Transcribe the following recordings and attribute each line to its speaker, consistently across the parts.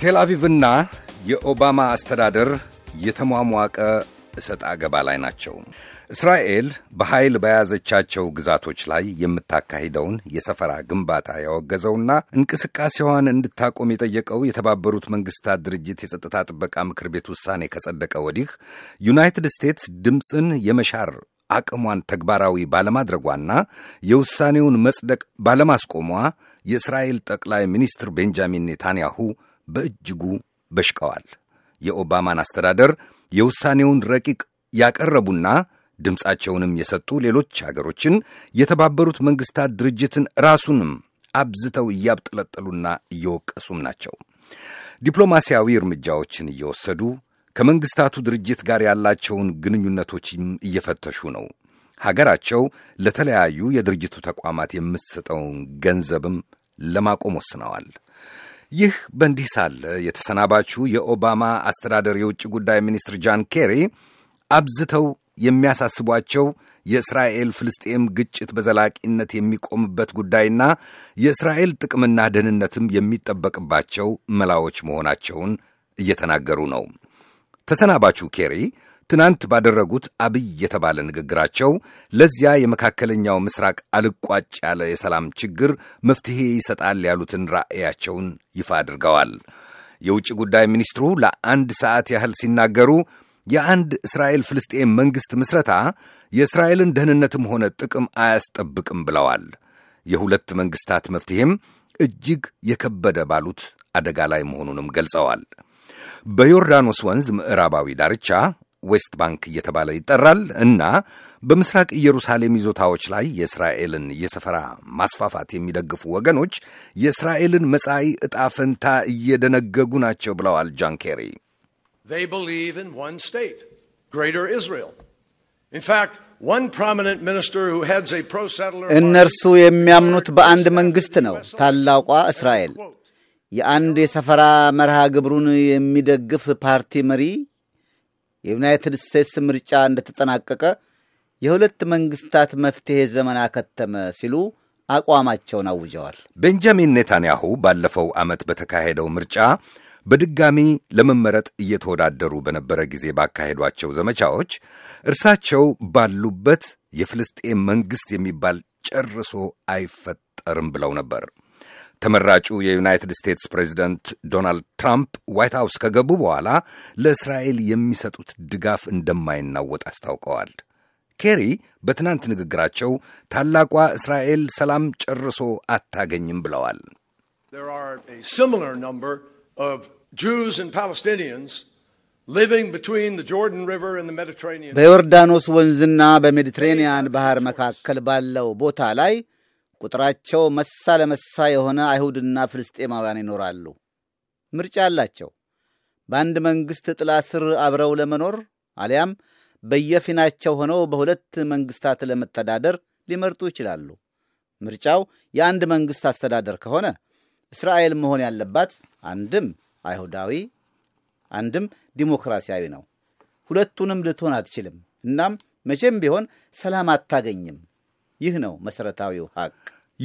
Speaker 1: ቴል አቪቭና የኦባማ አስተዳደር የተሟሟቀ እሰጥ አገባ ላይ ናቸው። እስራኤል በኃይል በያዘቻቸው ግዛቶች ላይ የምታካሂደውን የሰፈራ ግንባታ ያወገዘውና እንቅስቃሴዋን እንድታቆም የጠየቀው የተባበሩት መንግስታት ድርጅት የጸጥታ ጥበቃ ምክር ቤት ውሳኔ ከጸደቀ ወዲህ ዩናይትድ ስቴትስ ድምፅን የመሻር አቅሟን ተግባራዊ ባለማድረጓና የውሳኔውን መጽደቅ ባለማስቆሟ የእስራኤል ጠቅላይ ሚኒስትር ቤንጃሚን ኔታንያሁ በእጅጉ በሽቀዋል። የኦባማን አስተዳደር የውሳኔውን ረቂቅ ያቀረቡና ድምፃቸውንም የሰጡ ሌሎች አገሮችን የተባበሩት መንግስታት ድርጅትን ራሱንም አብዝተው እያብጠለጠሉና እየወቀሱም ናቸው። ዲፕሎማሲያዊ እርምጃዎችን እየወሰዱ ከመንግስታቱ ድርጅት ጋር ያላቸውን ግንኙነቶችም እየፈተሹ ነው። ሀገራቸው ለተለያዩ የድርጅቱ ተቋማት የምትሰጠውን ገንዘብም ለማቆም ወስነዋል። ይህ በእንዲህ ሳለ የተሰናባቹ የኦባማ አስተዳደር የውጭ ጉዳይ ሚኒስትር ጃን ኬሪ አብዝተው የሚያሳስቧቸው የእስራኤል ፍልስጤም ግጭት በዘላቂነት የሚቆምበት ጉዳይና የእስራኤል ጥቅምና ደህንነትም የሚጠበቅባቸው መላዎች መሆናቸውን እየተናገሩ ነው። ተሰናባቹ ኬሪ ትናንት ባደረጉት አብይ የተባለ ንግግራቸው ለዚያ የመካከለኛው ምስራቅ አልቋጭ ያለ የሰላም ችግር መፍትሄ ይሰጣል ያሉትን ራዕያቸውን ይፋ አድርገዋል። የውጭ ጉዳይ ሚኒስትሩ ለአንድ ሰዓት ያህል ሲናገሩ የአንድ እስራኤል ፍልስጤም መንግሥት ምስረታ የእስራኤልን ደህንነትም ሆነ ጥቅም አያስጠብቅም ብለዋል። የሁለት መንግሥታት መፍትሄም እጅግ የከበደ ባሉት አደጋ ላይ መሆኑንም ገልጸዋል። በዮርዳኖስ ወንዝ ምዕራባዊ ዳርቻ ዌስት ባንክ እየተባለ ይጠራል እና በምስራቅ ኢየሩሳሌም ይዞታዎች ላይ የእስራኤልን የሰፈራ ማስፋፋት የሚደግፉ ወገኖች የእስራኤልን መጻኢ ዕጣ ፈንታ እየደነገጉ ናቸው ብለዋል ጃን ኬሪ።
Speaker 2: እነርሱ የሚያምኑት በአንድ መንግሥት ነው፣ ታላቋ እስራኤል የአንድ የሰፈራ መርሃ ግብሩን የሚደግፍ ፓርቲ መሪ የዩናይትድ ስቴትስ ምርጫ እንደተጠናቀቀ የሁለት መንግስታት መፍትሔ ዘመን አከተመ ሲሉ አቋማቸውን አውጀዋል።
Speaker 1: ቤንጃሚን ኔታንያሁ ባለፈው ዓመት በተካሄደው ምርጫ በድጋሚ ለመመረጥ እየተወዳደሩ በነበረ ጊዜ ባካሄዷቸው ዘመቻዎች እርሳቸው ባሉበት የፍልስጤም መንግሥት የሚባል ጨርሶ አይፈጠርም ብለው ነበር። ተመራጩ የዩናይትድ ስቴትስ ፕሬዚደንት ዶናልድ ትራምፕ ዋይት ሀውስ ከገቡ በኋላ ለእስራኤል የሚሰጡት ድጋፍ እንደማይናወጥ አስታውቀዋል። ኬሪ በትናንት ንግግራቸው ታላቋ እስራኤል ሰላም ጨርሶ አታገኝም ብለዋል። በዮርዳኖስ
Speaker 2: ወንዝና በሜዲትሬንያን ባህር መካከል ባለው ቦታ ላይ ቁጥራቸው መሳ ለመሳ የሆነ አይሁድና ፍልስጤማውያን ይኖራሉ። ምርጫ አላቸው። በአንድ መንግሥት ጥላ ስር አብረው ለመኖር አሊያም በየፊናቸው ሆነው በሁለት መንግሥታት ለመተዳደር ሊመርጡ ይችላሉ። ምርጫው የአንድ መንግሥት አስተዳደር ከሆነ እስራኤል መሆን ያለባት አንድም አይሁዳዊ አንድም ዲሞክራሲያዊ ነው። ሁለቱንም ልትሆን አትችልም። እናም መቼም ቢሆን ሰላም አታገኝም። ይህ ነው መሠረታዊው ሀቅ።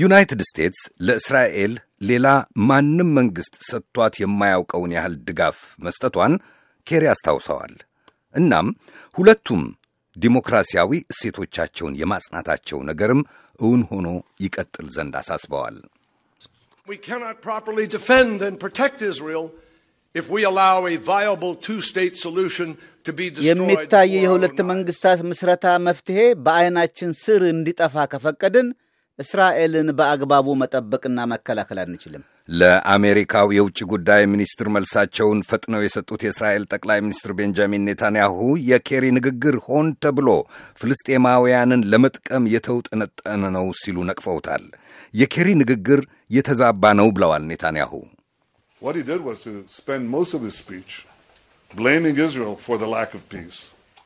Speaker 1: ዩናይትድ ስቴትስ ለእስራኤል ሌላ ማንም መንግሥት ሰጥቷት የማያውቀውን ያህል ድጋፍ መስጠቷን ኬሪ አስታውሰዋል። እናም ሁለቱም ዲሞክራሲያዊ እሴቶቻቸውን የማጽናታቸው ነገርም እውን ሆኖ ይቀጥል ዘንድ አሳስበዋል። We cannot properly defend and protect Israel የሚታይ
Speaker 2: የሁለት መንግሥታት ምስረታ መፍትሔ በዐይናችን ስር እንዲጠፋ ከፈቀድን እስራኤልን በአግባቡ መጠበቅና መከላከል አንችልም።
Speaker 1: ለአሜሪካው የውጭ ጉዳይ ሚኒስትር መልሳቸውን ፈጥነው የሰጡት የእስራኤል ጠቅላይ ሚኒስትር ቤንጃሚን ኔታንያሁ የኬሪ ንግግር ሆን ተብሎ ፍልስጤማውያንን ለመጥቀም የተውጠነጠነ ነው ሲሉ ነቅፈውታል። የኬሪ ንግግር የተዛባ ነው ብለዋል ኔታንያሁ። What he did was to spend most of his speech blaming Israel for the lack of peace.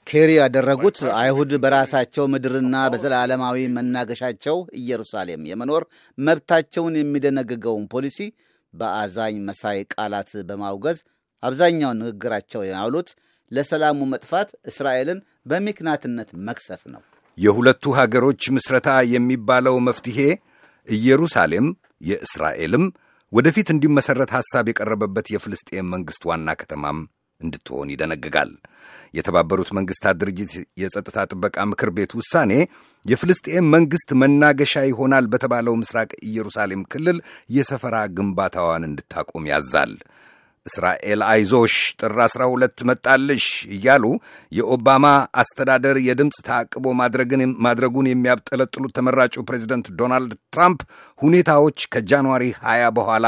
Speaker 2: ኬሪ ያደረጉት አይሁድ በራሳቸው ምድርና በዘላለማዊ መናገሻቸው ኢየሩሳሌም የመኖር መብታቸውን የሚደነግገውን ፖሊሲ በአዛኝ መሳይ ቃላት በማውገዝ አብዛኛውን ንግግራቸው ያውሉት ለሰላሙ መጥፋት እስራኤልን በምክንያትነት መክሰስ ነው።
Speaker 1: የሁለቱ ሀገሮች ምስረታ የሚባለው መፍትሔ ኢየሩሳሌም የእስራኤልም ወደፊት እንዲመሠረት ሐሳብ የቀረበበት የፍልስጤም መንግሥት ዋና ከተማም እንድትሆን ይደነግጋል። የተባበሩት መንግሥታት ድርጅት የጸጥታ ጥበቃ ምክር ቤት ውሳኔ የፍልስጤም መንግሥት መናገሻ ይሆናል በተባለው ምስራቅ ኢየሩሳሌም ክልል የሰፈራ ግንባታዋን እንድታቆም ያዛል። እስራኤል አይዞሽ ጥር ሁለት መጣልሽ እያሉ የኦባማ አስተዳደር የድምፅ ተአቅቦ ማድረጉን የሚያብጠለጥሉት ተመራጩ ፕሬዚደንት ዶናልድ ትራምፕ ሁኔታዎች ከጃንዋሪ 20 በኋላ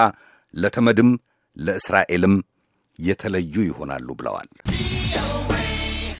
Speaker 1: ለተመድም ለእስራኤልም የተለዩ ይሆናሉ ብለዋል።